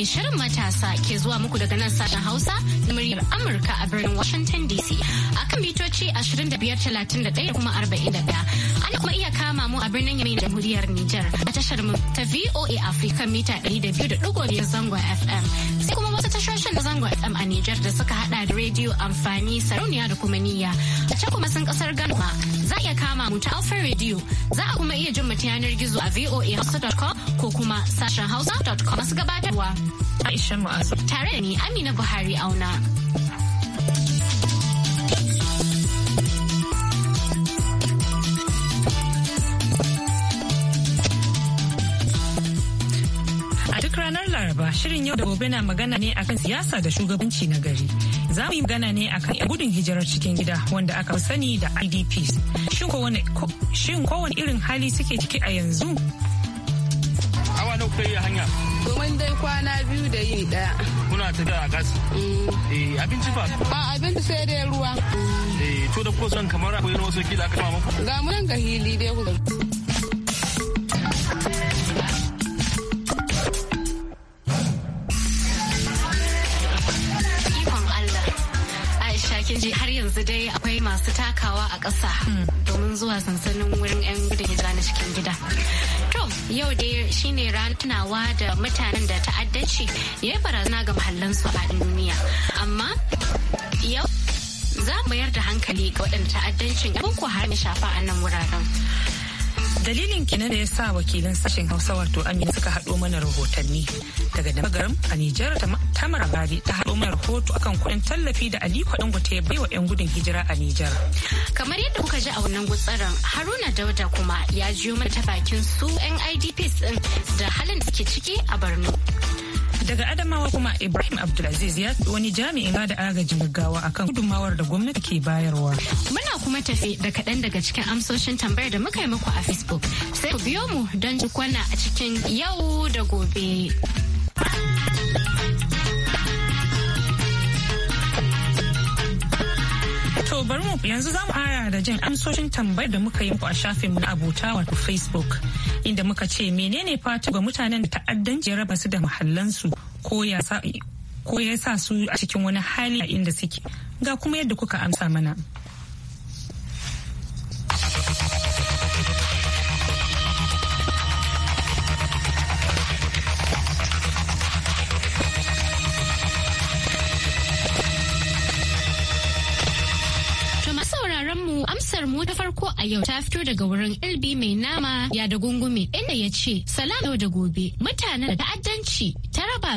ne shirin matasa ke zuwa muku daga nan sashen Hausa na muryar Amurka a birnin Washington DC. Akan mitoci 2531 kuma 41. Ana kuma iya kama mu a birnin yamin da muryar Nijar a tashar mu ta VOA Africa mita 200.5 zangon FM. Sai kuma wasu tashoshin na zangon FM a Nijar da suka hada da rediyo amfani sarauniya da kuma niyya. A can kuma sun kasar Ghana kama mu ta Alpha Radio. Za a kuma iya jin mu ta yanar gizo a voahausa.com ko kuma sashen hausa.com masu gabatarwa. Aisha Mu'azu. Tare da ni Amina Buhari auna. a duk ranar Laraba shirin yau da gobe na magana ne akan siyasa da shugabanci na gari. za mu yi magana ne a kan gudun hijirar cikin gida wanda aka sani da idps shin kowane irin hali suke ciki a yanzu awa na kuka yi hanya domin dai kwana biyu da yin daya kuna tafiya a gas mm. eh abinci ba ba abinci sai dai ruwa eh to da kusan kamar akwai wasu kila aka kama muku ga mun ga hili dai ku yanzu dai akwai masu takawa a ƙasa domin zuwa sansanin wurin 'yan gudun hijira na cikin gida. To, yau dai shine ran tunawa da mutanen da ta'addanci ya yi barazana ga muhallansu a duniya. Amma yau za mu mayar da hankali ga waɗanda ta'addancin abin ku har shafa a nan wuraren. Dalilin kina da ya sa wakilin sashen Hausa wato Amina suka haɗo mana rahotanni daga Damagaram a Nijar Tamar Bari ta haɗo mana rahoto akan kuɗin tallafi da Aliko gote ya baiwa 'yan gudun hijira a Nijar. Kamar yadda kuka ji a wannan gutsaran Haruna Dauda kuma ya jiyo mana ta bakin su 'yan IDPs ɗin da halin da suke ciki a Borno. daga adamawa kuma ibrahim abdulaziz ya wani jami'in ba agajin gaggawa akan gudunmawar da gwamnati ke bayarwa muna kuma tafe da kaɗan daga cikin amsoshin tambayar da muka yi muku a facebook sai ku biyo mu don jikwana a cikin yau da gobe To bari mu yanzu za mu ara da jin amsoshin tambayar da muka yi a shafinmu na abota wato Facebook inda muka ce menene fata ga mutanen da ta'addanci ya raba su da muhallansu. ko ya sa su a cikin wani hali a inda suke ga kuma yadda kuka amsa mana amsar mu ta farko a yau ta fito daga wurin ilbi mai nama ya da gungume inda ya ce salam da gobe mutanen da ta'addanci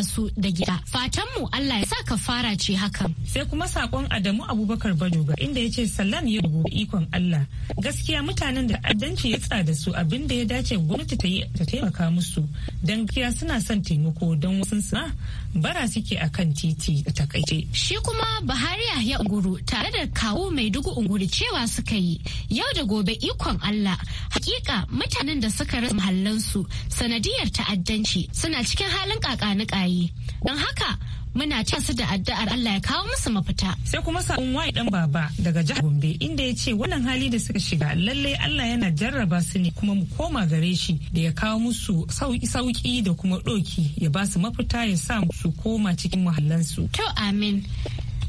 su da gida fatanmu Allah ya sa fara ce hakan. Sai kuma sakon Adamu Abubakar Bajoga inda ya ce Salam ya rubu ikon Allah. Gaskiya mutanen da addanci ya tsada su abin da ya dace gwamnati ta yi ta taimaka musu. Don gaskiya suna son taimako don wasu sa bara suke akan titi da takaice. Shi kuma Buhari ya Unguru tare da kawo mai dugu Unguru cewa suka yi yau da gobe ikon Allah. Hakika mutanen da suka rasa mahallansu sanadiyar ta'addanci suna cikin halin kayi. Don haka muna cin su da addu'ar Allah ya kawo musu mafita. Sai kuma sakon wai dan baba daga jihar Gombe inda ya ce wannan hali da suka shiga lalle Allah yana jarraba su ne kuma mu koma gare shi da ya kawo musu sauki sauki da kuma doki ya ba su mafita ya sa su koma cikin muhallansu. To amin.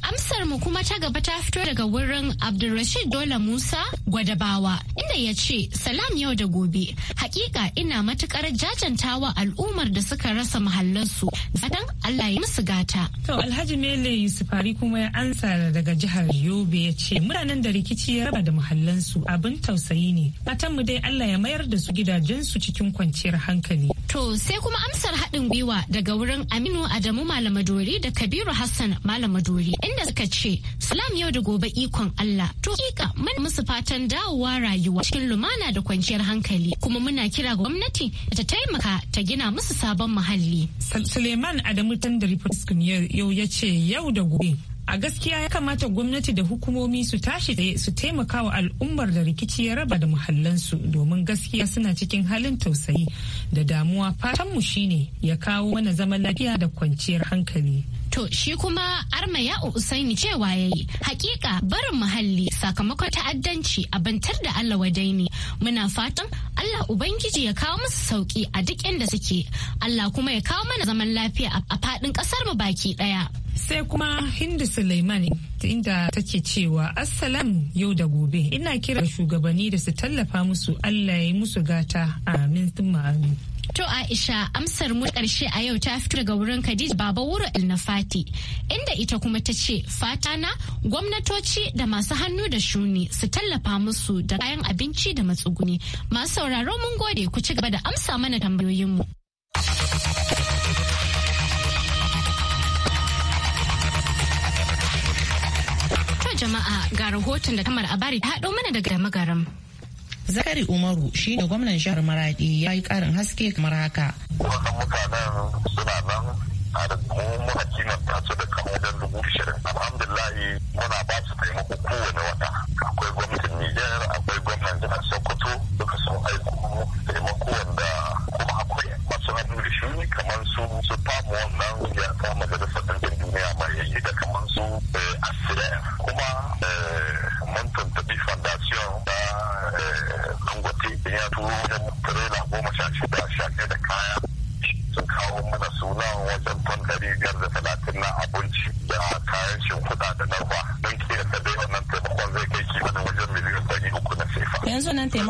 Amsar mu kuma ta gaba ta fito daga wurin Abdulrashid Dola Musa Gwadabawa inda ya ce salam yau da gobe. Hakika ina matukar jajantawa al'ummar da suka rasa mahallansu. fatan Allah ya musu gata. To Alhaji Mele Yusufari kuma ya ansa daga jihar Yobe ya ce mutanen da rikici ya raba da mahallansu abin tausayi ne. Fatan mu dai Allah ya mayar da su gidajensu cikin kwanciyar hankali. To sai kuma amsar haɗin gwiwa daga wurin Aminu Adamu Malamadori da Kabiru Hassan Malamadori inda suka ce Salam yau da gobe ikon Allah. To kika mun musu fatan dawowa rayuwa cikin lumana da kwanciyar hankali kuma muna kira gwamnati ta taimaka ta gina musu sabon muhalli. Suleiman Adamu Tandari yau ya ce yau da gobe a gaskiya ya kamata gwamnati da hukumomi su tashi tsaye su taimaka wa al'ummar da rikici ya raba da muhallansu domin gaskiya suna cikin halin tausayi da damuwa fatanmu shine ya kawo mana zaman lafiya da kwanciyar hankali To shi kuma arma ya Usaini cewa ya yi hakika barin muhalli sakamakon ta'addanci abantar da Allah wadai ne muna fatan Allah Ubangiji ya kawo musu sauki a duk inda suke Allah kuma ya kawo mana zaman lafiya a fadin ƙasar mu baki ɗaya. Sai kuma Hindu Suleimani inda take cewa Assalam yau da gobe ina kira shugabanni da su tallafa musu Allah ya yi musu gata amin amin. To Aisha amsar mu ƙarshe a yau ta fito daga wurin Khadija Baba Wuro Nafati inda ita kuma ta ce fata na gwamnatoci da masu hannu da shuni su tallafa musu da kayan abinci da matsuguni. Masu sauraro mun gode ku ci gaba da amsa mana tambayoyinmu. To jama'a ga rahoton da kamar abari ta haɗo mana daga magaram. zakari umaru shine gwamnan jihar maradi ya yi karin haske kamar haka wannan mutanen suna nan a da muka kimanta su da kamar wajen dubu ishirin alhamdulillahi muna ba su taimako kowane wata akwai gwamnatin niger akwai gwamnan jihar sokoto duka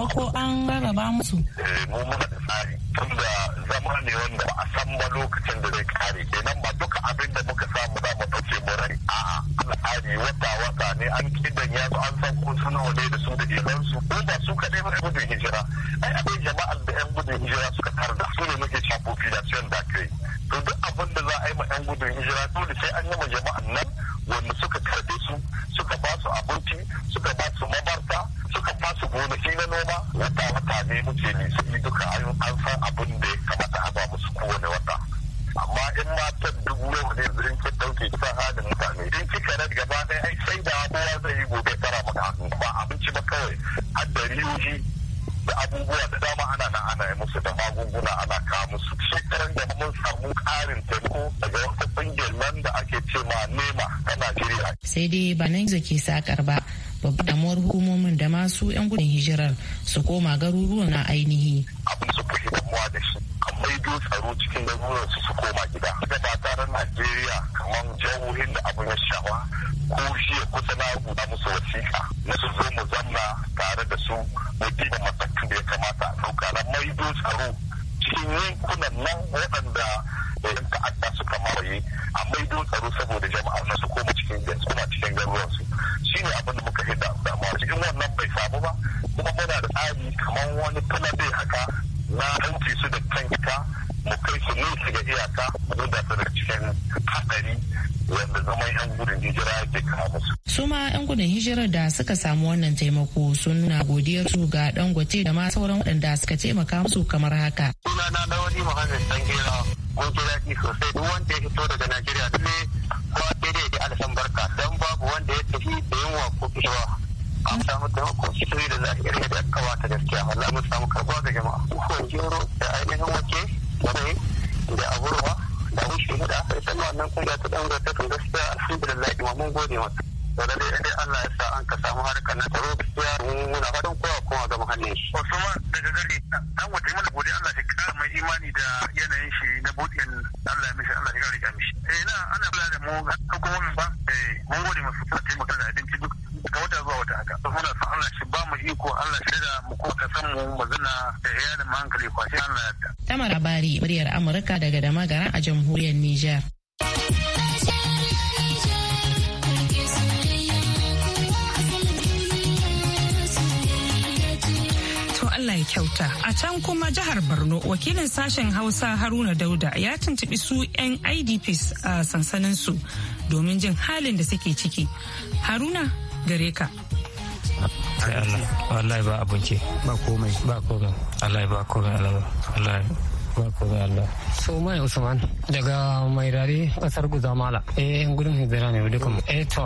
ba ko an rarraba musu? Eh, mu muna da tsari tun da zama ne wanda ba a san ba lokacin da zai kare kenan ba duka abin da muka samu za mu ɗauke mu rai a al'ari wata wata ne an kidan ya zo an san ko suna wadai da su da ilan su ko ba su kaɗai ba gudun hijira ai akwai jama'ar da yan gudun hijira suka tarda su ne muke shafi population da kai to duk abin da za a yi ma yan gudun hijira dole sai an yi ma jama'an nan wanda suka karɓe su suka ba su abinci suka ba sun yi duka an san abin da ya kamata a ba musu kowane wata amma in matan duk yau ne zirin ki dauke ki halin mutane in kika rar gaba ɗaya ai sai da kowa zai yi gobe tara maka hannu ba abinci ba kawai har da riyoyi da abubuwa da dama ana na ana yi musu da magunguna ana kawo musu shekaran da mun samu karin taimako daga wata ƙungiyar nan da ake ce ma nema ta Najeriya. Sai dai ba nan ke sakar ba babban damuwar hukumomin da masu 'yan gudun hijirar su koma garuruwan na ainihi gudun hijirar da suka samu wannan taimako suna godiyar su ga dangote da ma sauran waɗanda suka taimaka musu kamar haka. Sunana na wani Muhammad Sangela mun ji daɗi sosai duk wanda ya fito daga Najeriya lalle ba sai dai da alasan barka dan babu wanda ya tafi da yunwa ko kishiwa. An samu taimako sosai da zahiri da aka wata gaskiya allah mun samu karɓuwa ga jama'a. Kuwan gero da ainihin wake da rai da aburwa da wuce da aka yi sannan wannan kungiya ta ɗan ta kan gaskiya alhamdulillah mun gode mata. Da lalle wasu ma daga gare an wata mana gode Allah shi kara mai imani da yanayin shi na buɗin Allah ya mishi Allah ya kara mishi eh na ana kula da mu kuma min ba eh mun gode masu suna taimaka da abinci duk daga wata zuwa wata haka muna son Allah shi ba mu iko Allah shi da mu kuma ka san mu magana da da mu hankali kwashi Allah ya ta Tamara Bari muryar Amurka daga Damagara a jamhuriyar niger. kyauta. A can kuma jihar Borno wakilin sashen Hausa Haruna Dauda ya tuntubi su 'yan IDPs a sansanin su domin jin halin da suke ciki. Haruna gare ka. Allah ba abunke Ba komai. Ba komai. Allah ba komai Allah. ba ko da Allah Sumai Usman daga Mairari kasar Guzamala eh yan gudun hijira ne duka mu eh to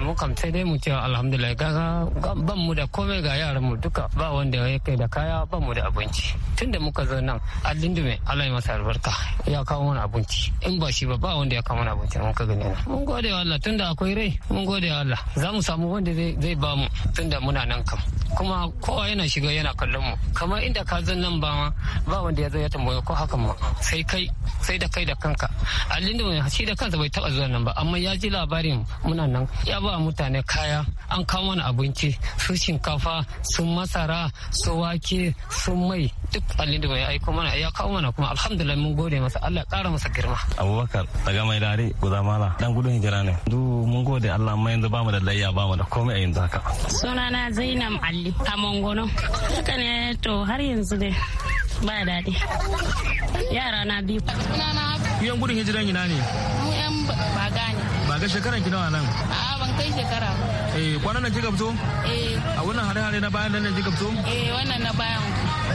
mu kam sai dai mu ce alhamdulillah kaga ban mu da komai ga yaran mu duka ba wanda ya kai da kaya ban mu da abinci tunda muka zo nan alindume Allah ya masa albarka ya kawo mana abinci in ba shi ba ba wanda ya kawo mana abinci mun ka gani mun gode wa Allah tunda akwai rai mun gode wa Allah za mu samu wanda zai ba mu tunda muna nan kam kuma kowa yana shiga yana kallon mu kamar inda ka zo nan ba ma ba wanda ya zo ya tambaye ko haka ma sai kai sai da kai da kanka alin da shi da kansa bai taba zuwa nan ba amma ya ji labarin muna nan ya ba mutane kaya an kawo mana abinci su shinkafa su masara su wake su mai duk alin da bai aiko mana ya kawo mana kuma alhamdulillah mun gode masa Allah kara masa girma Abubakar daga mai dare guzamala dan gudun hijira ne du mun gode Allah amma yanzu bamu da layya bamu da komai a yanzu haka sunana Zainab Ali a Mongono haka ne to har yanzu dai ba daɗi Yara na biyu. Sunana Yan gudun hijiran ina ne? Mu yan baga ne. Baga shekaran ki nawa nan? a ban kai shekara Eh kwanan nan kika fito? Eh. A wannan hare-hare na bayan nan kika fito? Eh wannan na bayan.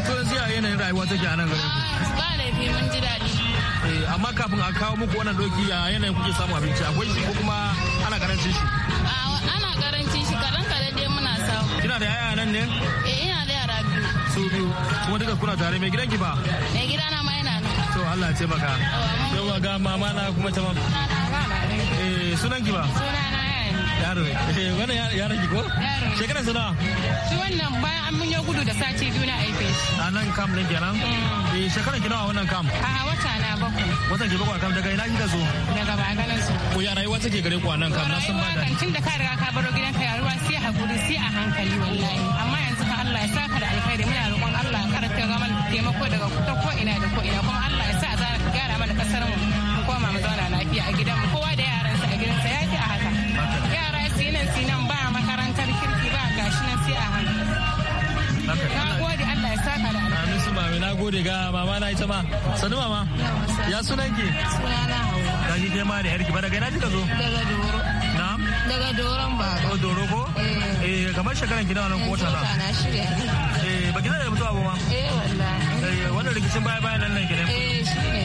To yanzu ya yanayin rayuwa take a nan ku. Ba fi mun ji daɗi. Eh amma kafin a kawo muku wannan doki a yanayin kuke samu abinci akwai shi ko kuma ana karancin shi? Ana karancin shi kadan kadan dai muna samu. Kina da yaya nan ne? Eh kuma duka kuna tare mai ki ba mai gida na ma yana nan to Allah ya taimaka yawa ga mama na kuma ta mama eh sunan ki ba sunana yaro eh wannan yaron ki ko shekara suna shi wannan bayan an mun gudu da sati biyu na aife a nan kam din kenan mm. eh shekara ki nawa wannan kam a wata na bakwai wata ki bakwai kam daga ina kika zo daga bagalan su ko ya rayuwa take gare ku a nan kam na san ba da kin da ka riga ka baro ka ya ruwa sai hakuri sai a hankali wallahi amma yanzu na gode ga mama na ita ma. Sanu mama. Ya sunan ki? Sunana Hauwa. Ka ji ma da yarki ba daga ina kika zo? Daga Doro. Na'am. Daga Doron ba. Ko oh, Doro ko? Eh. eh kamar shekaran gidan nan ko wata na? Wata na shirya. Eh baki da mutuwa ba ma? Eh wallahi. Eh wannan rikicin baya bayan nan nan gidan Eh shi ne.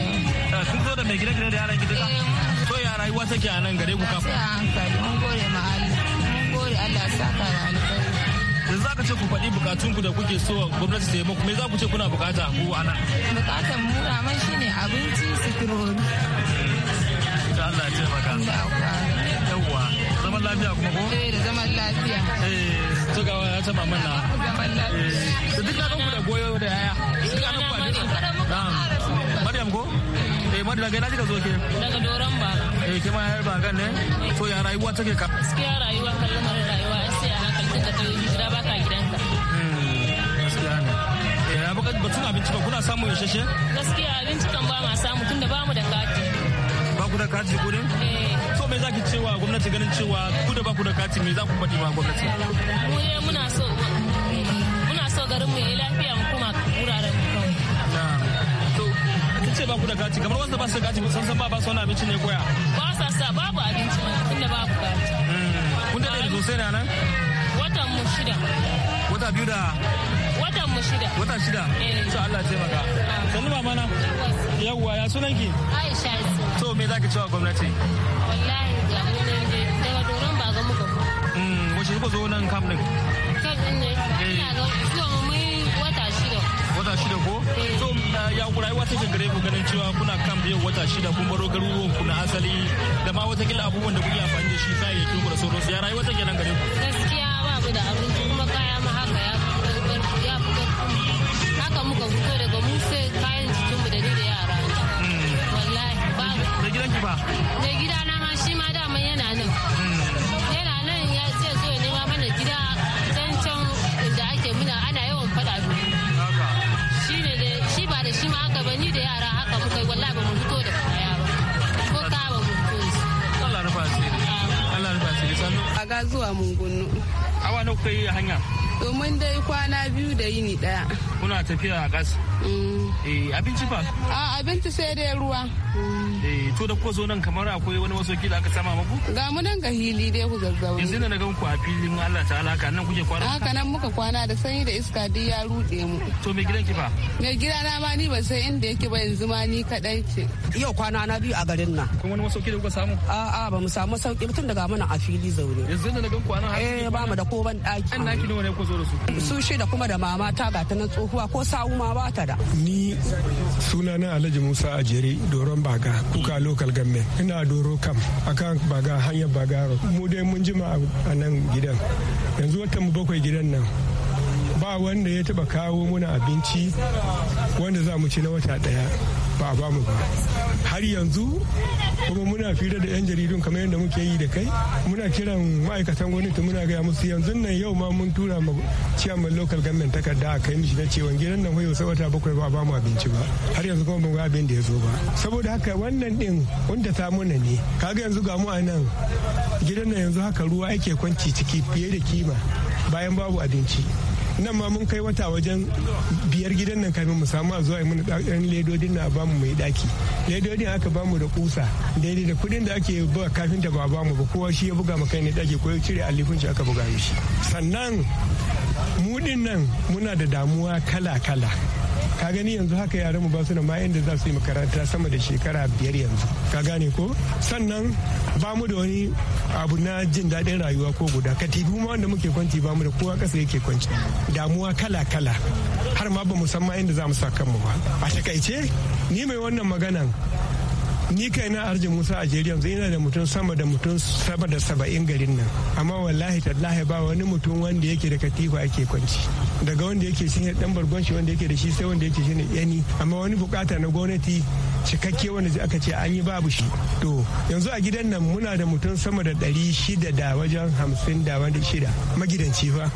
Ah, Kun zo da mai gida gida da yaran ki duka? Eh. To ya rayuwa take a nan gare ku kafa? Sai an hankali mun gode ma Allah. Mun gode Allah ya saka da alkhairi. yanzu za ka ce ku faɗi bukatun ku da kuke so gwamnati ta yi muku me za ku ce kuna bukata ku ana bukatan mu raman shine abinci suturori da Allah ce maka yawwa zaman lafiya kuma ko eh da zaman lafiya eh to ga ya ta maman na zaman lafiya eh, duk da ku da goyo da yaya duk an ku da Maryam ko eh madina ga naji ka zo ke daga doran ba eh kima yar ba kan ne to ya rayuwa take ka gaskiya rayuwa kallon mara lokacin da ka yi hijira ba ka gidanka. Ya baka batun abinci ba kuna samun isasshe? Gaskiya abinci kan ba ma samu tunda ba mu da kati. Ba ku da kati ko ne? So me zaki wa gwamnati ganin cewa ku da ba ku da kati me za ku faɗi ma gwamnati? Mu ne muna so muna so garin mu ya lafiya mu kuma wuraren mu kawai. ce ba ku da kati kamar wanda ba su kati sun san ba ba su wani abinci ne koya. Ba sa sa babu abinci tunda ku kati. Kun daɗe sosai na nan? watan shida wata biyu da watan mu shida wata shida eh. to Allah maka. Ah. sannu ba mana? yawwa ya sunan ki Aisha to me zaki cewa gwamnati wallahi da mu ne daga doron ba ga muka mm wace kuka zo nan kam din kam din ne eh. ina ga zuwa mu wata shida wata shida ko so eh. ya rayuwa take gare ku ganin cewa kuna kan yau wata shida kun baro garuruwan ku na asali da ma wata kila abubuwan da kuke amfani da shi kayayyakin ku da sauransu ya rayuwa take nan gare ku gaskiya saboda abinci kuma kaya ma haka ya haka muka fito daga mu sai kayan da ni da yara wallahi babu da gidanki ba da ma shi ma dama yana nan hmm. yana nan ya ce zo ya nema mana gida can can ake muna ana yawan shi ne shi ba da shi ma haka ba ni da yara haka muka wallahi ba mu fito da kaya ba ko ka ba mu fito Allah Allah sannu a ga zuwa mun gunnu awa nawa kuka yi hanya domin dai kwana biyu da yini daya kuna tafiya a ƙasa mm. eh abinci ba? a abinci sai dai ruwa mm. eh to da kuwa zo nan kamar akwai wani wasu da aka sama muku ga mu nan ga hili dai ku zazzau. yanzu na gan ku a filin Allah ta alaka. nan kuke kwana haka nan muka kwana da sanyi da iska duk ya rude mu to me gidan ki fa me gida na ma ni ba sai inda yake ba yanzu ma ni kadai ce yau kwana na biyu a garin nan Kuma wani masauki da kuka samu a a ba mu samu sauki mutum daga mana a fili zaune yanzu na gan kwana eh ba mu da ko ban daki naki ku zo da su su shida kuma da mama ta ga ta na tsohuwa ko sawu ma ba ta da ni suna na Alhaji Musa Ajere doron baga kuka local government ina doro kam akan baga hanyar baga mu dai mun jima a nan gidan yanzu watan mu bakwai gidan nan ba wanda ya taba kawo muna abinci wanda za mu ci na wata daya ba a bamu ba har yanzu kuma muna fira da yan jaridun kamar yadda muke yi da kai muna kiran ma'aikatan gwamnati muna gaya musu yanzu nan yau ma mun tura ma ciyaman local government takarda a kai mishi na cewa gidan nan wayo sabata bakwai ba a bamu abinci ba har yanzu kuma ban ga abin da ya zo ba saboda haka wannan din wanda ta muna ne kaga yanzu ga mu a nan gidan nan yanzu haka ruwa ake kwanci ciki fiye da kima bayan babu abinci nan ma mun kai wata wajen biyar gidan nan kafin mu samu a zuwa yi mana ɗan ledodin na bamu mai ɗaki ledodin aka bamu da kusa daidai da kuɗin da ake ba kafinta ba bamu ba kowa shi ya buga ma kai ne ɗaki ko ya cire alifin shi aka buga shi sannan mudin nan muna da damuwa kala-kala ka gani yanzu haka yaran mu ba su da ma inda za su yi makaranta sama da shekara biyar yanzu ka gane ko sannan ba mu da wani abu na jin daɗin rayuwa ko guda katifu ma wanda muke kwanci ba mu da kowa ƙasa yake kwanci damuwa kala kala har ma ba mu san ma inda za mu sa kanmu ba a takaice ni mai wannan maganan ni kai na arji musa a jeriya yanzu yana da mutum sama da mutum sama da saba'in garin nan amma wallahi tallahi ba wani mutum wanda yake da katifa ake kwanci daga wanda yake shi ne dan bargon shi wanda yake da shi sai wanda yake shi ne yani amma wani bukata na gwamnati cikakke wanda aka ce an yi babu shi to yanzu a gidan nan muna da mutum sama da ɗari shida da wajen hamsin da wanda shida magidanci fa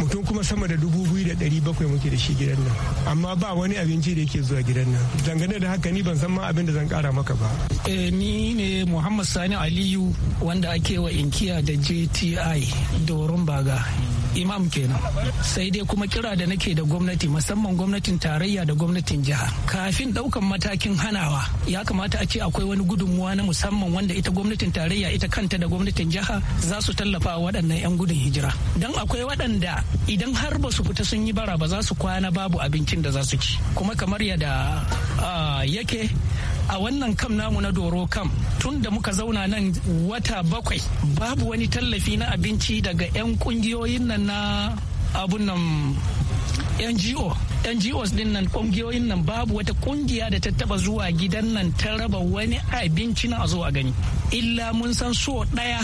mutum kuma sama da dubu biyu da ɗari bakwai muke da shi gidan nan amma ba wani abinci da yake zuwa gidan nan dangane da haka ni ban san ma abin da zan kara maka ba eh ni ne muhammad sani aliyu wanda ake wa inkiya da jti doron baga imam kenan sai dai kuma kira da nake da gwamnati musamman gwamnatin tarayya da gwamnatin jiha kafin daukan matakin hanawa ya kamata a ce akwai wani gudunmuwa na musamman wanda ita gwamnatin tarayya ita kanta da gwamnatin jiha za su tallafa waɗannan 'yan gudun hijira don akwai waɗanda idan har ba su fita sun yi bara ba za su kwana babu abincin da za su ci kuma kamar yadda ah, yake a wannan kam namu na doro kam tun da muka zauna nan wata bakwai babu wani tallafi na abinci daga 'yan kungiyoyin nan na abun nan ngo ngos din nan kungiyoyin nan babu wata kungiya da ta taba zuwa gidan nan ta raba wani abinci na a a gani illa mun san so daya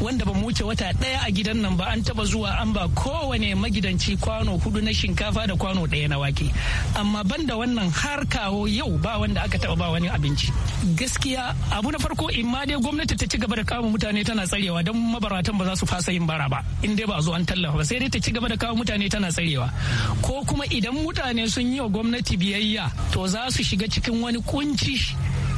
wanda ba mu wuce wata ɗaya a gidan nan ba an taba zuwa an ba kowane magidanci kwano hudu na shinkafa da kwano ɗaya na wake amma banda wannan har kawo yau ba wanda aka taba ba wani abinci gaskiya abu na farko in ma dai gwamnati ta ci gaba da kama mutane tana tsarewa don mabaratan ba za su fasa yin bara ba in dai ba zo an tallafa ba sai dai ta ci gaba da kawo mutane tana tsarewa ko kuma idan mutane sun yi wa gwamnati biyayya to za su shiga cikin wani kunci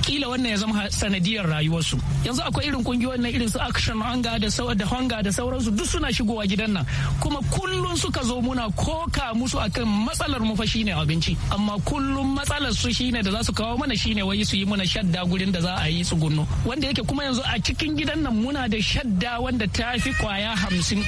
kila wannan ya zama sanadiyar rayuwarsu yanzu akwai irin kungiyoyin na irin su action hanga da da hanga da sauransu duk suna shigowa gidan nan kuma kullum suka zo muna koka musu akan matsalar mu fa shine abinci amma kullum matsalar su shine da za su kawo mana shine wai su yi mana shadda gurin da za a yi tsugunno wanda yake kuma yanzu a cikin gidan nan muna da shadda wanda ta fi kwaya hamsin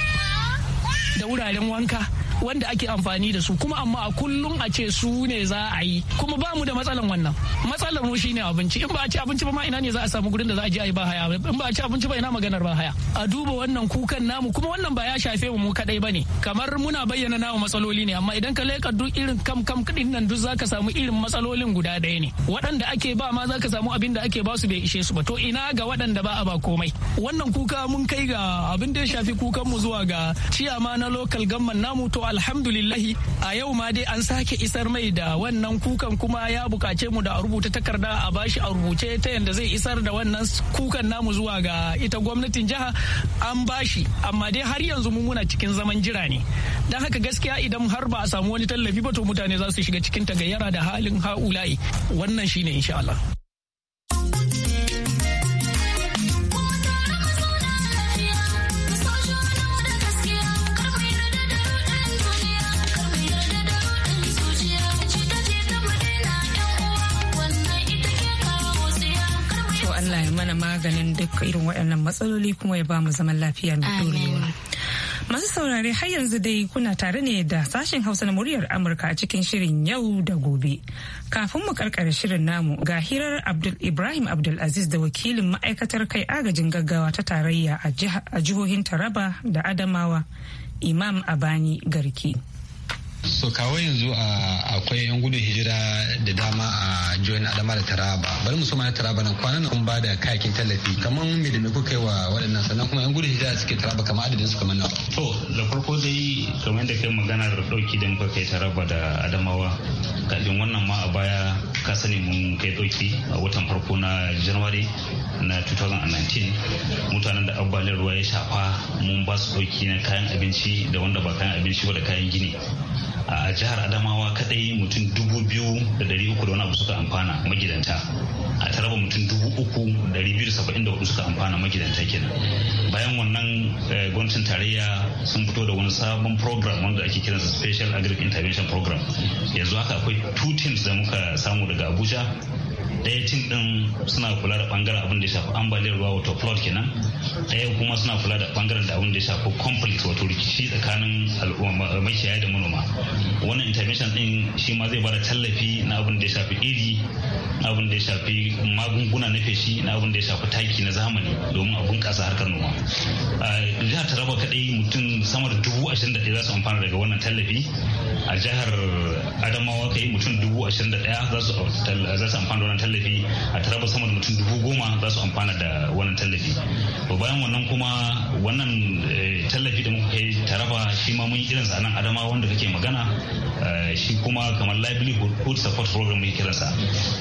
da wuraren wanka wanda ake amfani da su kuma amma a kullum a ce su ne za a yi kuma ba mu da matsalan wannan matsalan mu shine abinci in ba a ci abinci ba ma ina ne za a samu gurin da za a je a yi ba haya in ba a ci abinci ba ina maganar ba haya a duba wannan kukan namu kuma wannan ba ya shafe mu kadai bane kamar muna bayyana namu matsaloli ne amma idan ka leka duk irin kam kam kadin nan duk zaka samu irin matsalolin guda daya ne waɗanda ake ba ma zaka samu abin da ake ba su bai ishe su ba to ina ga waɗanda ba a ba komai wannan kuka mun kai ga abin da ya shafi kukan mu zuwa ga ciyama na local gamman namu to alhamdulillahi a yau ma dai an sake isar mai da wannan kukan kuma ya bukace mu da a rubuta takarda a bashi a rubuce ta yadda zai isar da wannan kukan namu zuwa ga ita gwamnatin jiha an bashi amma dai har yanzu mu muna cikin zaman jira ne don haka gaskiya idan har ba a samu wani tallafi ba to mutane za su shiga cikin tagayyara da halin ha'ula'i wannan shine insha Allah duka irin waɗannan matsaloli kuma ya ba mu zaman lafiya mai dorewa. Masu saurare har yanzu dai kuna tare ne da sashen Hausa na muryar Amurka a cikin shirin yau da gobe. Kafin mu karkare shirin namu ga hirar Abdul Ibrahim Abdul Aziz da wakilin ma'aikatar kai agajin gaggawa ta tarayya a jihohin Taraba da Adamawa Imam Abani Garki. so kawo yanzu akwai yan gudun hijira da dama a join adama da taraba bari mu soma na taraba nan kwanan kun ba da kayakin tallafi kamar me da me kuka yi wa waɗannan sannan kuma yan gudun hijira suke taraba kamar adadin su kamar nawa to da farko dai kamar da kai magana da dauki da muka kai taraba da adamawa kafin wannan ma a baya ka sani mun kai dauki a watan farko na january na 2019 mutanen da ambaliyar ruwa ya shafa mun ba su ɗauki na kayan abinci da wanda ba kayan abinci ba da kayan gini a jihar adamawa kadai mutum dubu biyu da dari uku da wani abu suka amfana magidanta a taraba mutum dubu uku dari biyu da saba'in da hudu suka amfana magidanta kenan bayan wannan eh, gwamnatin tarayya sun fito da wani sabon program wanda ake kiransa special agric intervention program yanzu haka akwai two teams da muka samu daga abuja daya tim din suna kula da bangaren abin da ya shafi ambaliyar ruwa wato flood kenan daya kuma suna kula da bangaren da abin da ya shafi conflict wato rikici tsakanin al'umma makiyaya da manoma wannan intervention din shi ma zai bada tallafi na abin da ya shafi iri na abin da ya shafi magunguna na feshi na abin da ya shafi taki na zamani domin a bunƙasa harkar noma a jihar taraba kadai mutum sama da dubu ashirin da ɗaya za su amfana daga wannan tallafi a jihar adamawa kai mutum dubu ashirin da ɗaya za su amfana da wannan tallafi tallafi a taraba sama da mutum dubu goma za su amfana da wannan tallafi bayan wannan kuma wannan eh, tallafi da muka kai taraba shi ma mun irin sa nan adama wanda kake magana eh, shi kuma kamar livelihood support program mun kiransa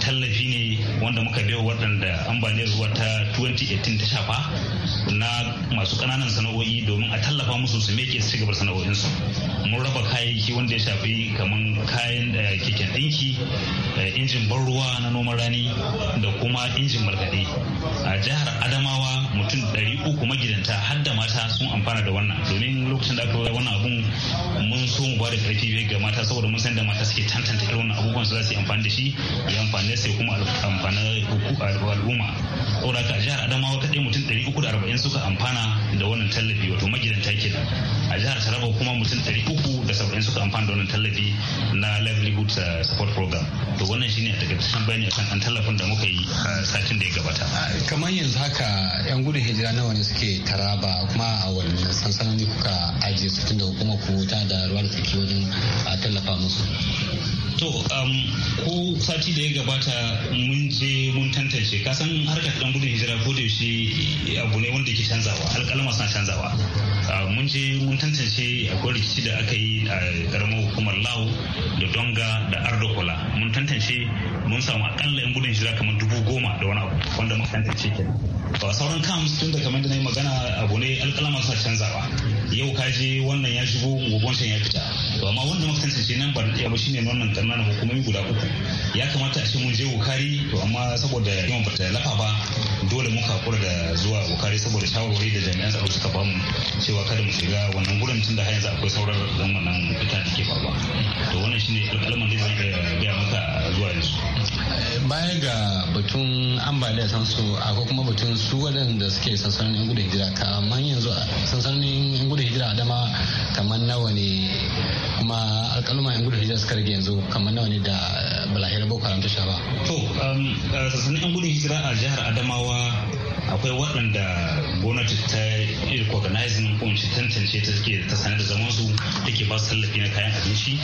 tallafi ne wanda muka bai waɗanda ambaliyar ruwa ta 2018 ta shafa na masu ƙananan sana'o'i domin a tallafa musu su meke su cigaba sana'o'insu mun raba kayayyaki wanda ya shafi kamar kayan eh, keken ɗinki injin ban ruwa na noman rani da kuma injin margade a jihar adamawa mutum uku magidanta har da mata sun amfana da wannan domin lokacin da aka yi wannan abun mun so mu bada karfi ga mata saboda mun san da mata suke tantance irin wannan abubuwan su za su yi amfani da shi ya amfani sai kuma amfani al'umma saboda haka a jihar adamawa kadai mutum uku da arba'in suka amfana da wannan tallafi wato magidanta da a jihar taraba kuma mutum uku da saba'in suka amfana da wannan tallafi na livelihood eh, support program to wannan ne a takaitaccen bayani akan an tallafin da muka yi a satin da ya gabata kamar yanzu haka yan gudun hijira nawa ne suke taraba kuma a sansanin ne kuka ajiye su da hukumar ku ta da ruwa da tsaki wajen tallafa musu to um, ko sati da ya gabata mun je mun tantance kasan harkar dan gudun hijira ko da shi abu ne wanda ke canzawa alƙalama suna canzawa mun je mun tantance akwai rikici da aka yi a ƙaramin hukumar lau da donga da ardokola mun tantance tantance mun samu akalla yan gudun jira kamar dubu goma da wani abu wanda mun tantance ke ba sauran kam tun da kamar da na yi magana abu ne alƙalama sa canzawa yau ka je wannan ya shigo gobon shan ya fita to amma wanda mun tantance nan ba ya ba ne wannan ƙananan hukumomi guda uku ya kamata a ce mun je wukari to amma saboda yawan bata lafa ba dole muka hakura da zuwa bukari saboda shawarwari da jami'an tsaro suka bamu cewa kada mu shiga wannan gurin tun da har yanzu akwai sauran wannan fita da ke faruwa to wannan shine alƙalman da zai gaya maka zuwa yanzu Bayan ga batun ambaliyar sansu akwai kuma batun su waɗanda suke sansanin yan gudun hijira kamar yanzu sansanin yan gudun hijira adama kamar nawa ne kuma alƙaluma yan gudun hijira suka rage yanzu kamar nawa ne da balahira boko haram ta sha ba. to um, uh, sansanin yan gudun hijira a jihar adamawa akwai waɗanda gwamnati ta organizing ko ci tantance ta ke ta sanar da zaman su take ba su tallafi na kayan abinci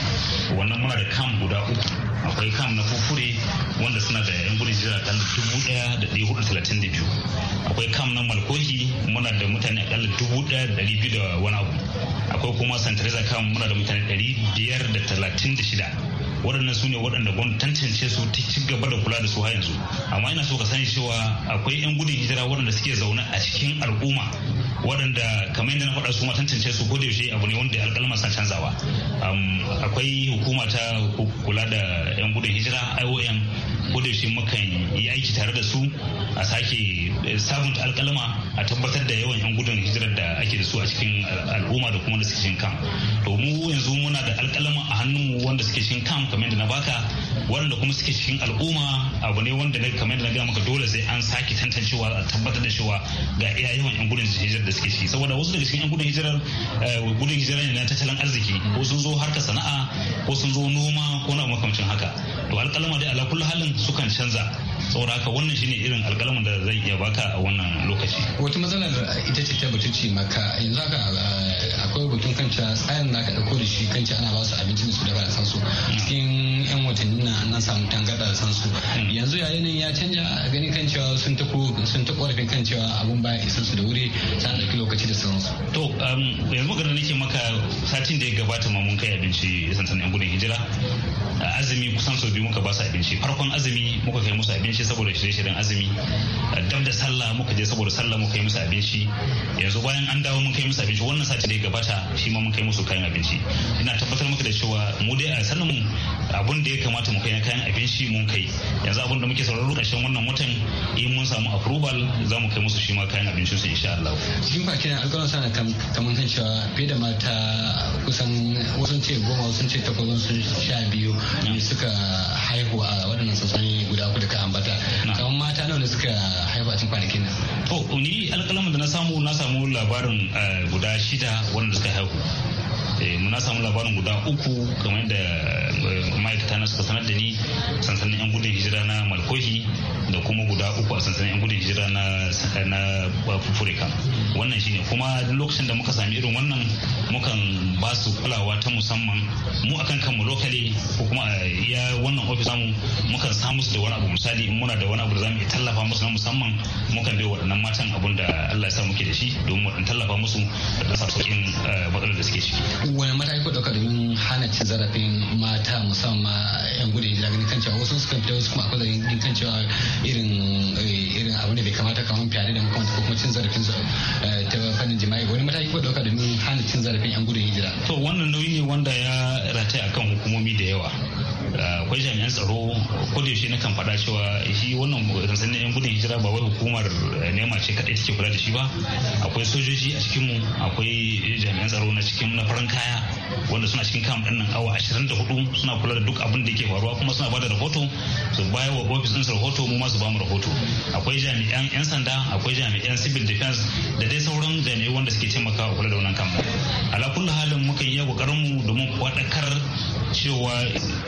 wannan muna da kam guda uku akwai kam na kukure wanda suna da yan gudun jira kan dubu daya da dari hudu talatin da biyu akwai kam na malkoki muna da mutane akalla dubu daya da dari biyu da wani abu akwai kuma santariza kam muna da mutane dari biyar da talatin da shida waɗannan su ne waɗanda gwamnati tantance su ta ci gaba da kula da su har yanzu amma ina so ka sani cewa akwai 'yan gudun hijira waɗanda suke zaune a cikin al'umma waɗanda kamar yadda na faɗa su ma tantance su ko da yaushe abu ne wanda alƙalma sa canzawa akwai hukuma ta kula da 'yan gudun hijira IOM ko da yaushe mukan yi aiki tare da su a sake Eh, sabunta alkalama a tabbatar da yawan yan gudun hijirar da ake da su a cikin al'umma da kuma da suke shinkan kam to mu yanzu muna da alkalama a hannunmu wanda suke shinkan kam kamar da na baka wanda kuma suke cikin al'umma abu ne wanda na kamar da na gaya maka dole sai an sake tantancewa a tabbatar da cewa ga iya yawan yan gudun hijirar da suke shi saboda wasu daga cikin yan gudun hijirar eh, gudun hijirar ne na tattalin arziki ko sun zo harkar sana'a ko sun zo noma ko na makamcin haka to alkalama dai ala kullu halin sukan canza saboda haka wannan shine irin algalamin da zai iya baka a wannan lokaci wata matsalar ita ce ta ce maka yanzu haka eh, akwai batun kanta tsayin da aka ɗauko da shi kanci ana ba su abinci da su da ba da san su cikin yan watanni na an samu tangarɗa da san su yanzu ya yanayin ya canja ganin kan cewa sun ta sun ta korafin kan cewa abun baya isa su da wuri ta ɗauki lokaci da su to um, yanzu magana nake maka satin da ya gabata ma mun kai abinci sansanin yan gudun hijira azumi kusan sau biyu muka ba su abinci farkon azumi muka kai musu abinci abinci saboda shirye-shiryen azumi dam da sallah muka je saboda sallah muka yi musu abinci yanzu bayan an dawo mun kai musu abinci wannan sati da ya gabata shi ma mun kai musu kayan abinci ina tabbatar muka da cewa mu dai a sanin abun da ya kamata mu kai kayan abinci mun kai yanzu abun da muke sauraro lokacin wannan watan in mun samu approval za mu kai musu shi ma kayan abinci su insha Allah cikin bakin alƙawarin sana kamar kan cewa fiye da mata kusan wasu ce goma wasu ce takwas sun sha biyu suka haihu a waɗannan sassan guda uku da ka ambata mata kamar mata nawa ne suka haifa a cikin kwanakin nan to ni alƙalamin da na samu na samu labarin eh, guda shida wanda suka haihu muna eh, samu labarin guda uku kamar da eh, ma'aikata na suka sanar da ni sansanin yan gudun hijira na malkohi da kuma guda uku a sansanin yan gudun hijira na na furika wannan shine kuma lokacin da muka sami irin wannan mukan ba su kulawa ta musamman mu akan kanmu lokale ko kuma iya wannan ofis mu mukan samu su da wani abu misali in muna da wani abu da za mu iya tallafa musu na musamman mukan bai waɗannan matan abun da Allah ya sa muke da shi domin mu tallafa musu da sa sauƙin eh, matsalar da suke ciki wani mataki ku dauka domin hana cin zarafin mata musamman yan gudun hijira ganin kan cewa wasu sukan fita wasu kuma akwai zargin kan cewa irin eh, irin abu da bai kamata kamar fyaɗe da makamanta ko kuma cin zarafin su eh, ta fannin jima'i wani mataki ku dauka domin hana cin zarafin yan gudun hijira. to wannan nauyi ne wanda ya rataya akan hukumomi da yawa Eh, akwai jami'an tsaro ko da yaushe nakan faɗa cewa shi wannan sansanin yan gudun hijira ba wai hukumar eh, nema ce kaɗai take kula da shi ba akwai sojoji a cikinmu akwai jami'an tsaro na cikin na farin kaya wanda suna cikin kam ɗin awa 24 suna kula da duk abin da ke faruwa kuma suna bada rahoto su bayar wa ofis ɗinsu rahoto mu ma su bamu rahoto akwai jami'an 'yan sanda akwai jami'an civil defense da dai sauran jami'ai wanda suke taimakawa kula da wannan kam ala kullu halin muka yi kokarin mu domin faɗakar cewa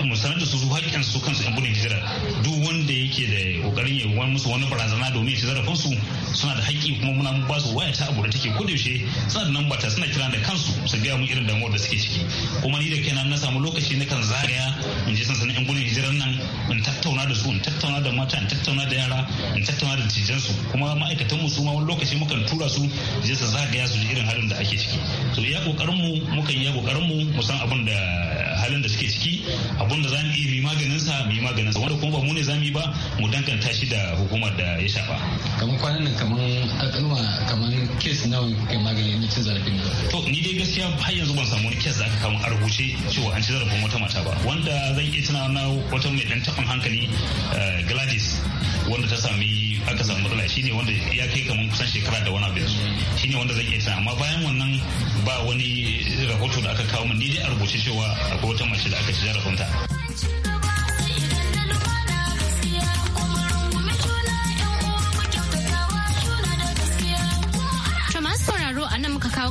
mu sanar da su su haƙƙin su kansu yan gudun hijira duk wanda yake da kokarin ya wani musu wani barazana domin ya ci zarafin su suna da haƙƙi kuma muna ba su waya ta abu da take kodayaushe suna da nan ta suna kira da kansu su gaya mu irin damuwar da suke ci ciki kuma ni da kenan na samu lokaci na kan zagaya in je sansanin yan gudun hijirar nan in tattauna da su in tattauna da mata in tattauna da yara in tattauna da tijan su kuma ma'aikatan mu su ma wani lokaci mukan tura su je su zagaya su ji irin halin da ake ciki to ya kokarin mu mukan ya kokarin mu mu san abin da halin da suke ciki abin da zamu mu mi maganin sa mu yi maganin sa wanda kuma ba mu ne zamu yi ba mu danganta shi da hukumar da ya shafa kamar kwanan nan kamar alƙaluma kamar kes nawa kai magani na cin zarafin to ni dai gaskiya har yanzu ban samu wani kes da aka kama a rubuce cewa an ci zarafin wata mata ba wanda zan iya tuna na wata mai dan taɓin hankali eh, gladys wanda ta sami aka samu matsala shine wanda ya kai kamar kusan shekara da wani abin shine wanda zan iya tuna amma bayan wannan ba wani rahoto da aka kawo min ni dai a rubuce cewa akwai wata mace da aka ci zarafinta.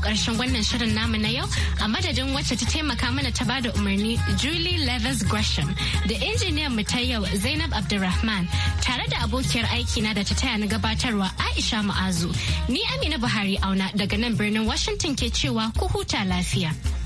kawo ƙarshen wannan shirin namu na yau a madadin wacce ta taimaka mana ta bada umarni Julie Levis Gresham da injiniyan mu ta yau Zainab Abdulrahman tare da abokiyar aiki na da ta taya na gabatarwa Aisha ma'azu Ni Amina Buhari auna daga nan birnin Washington ke cewa ku huta lafiya.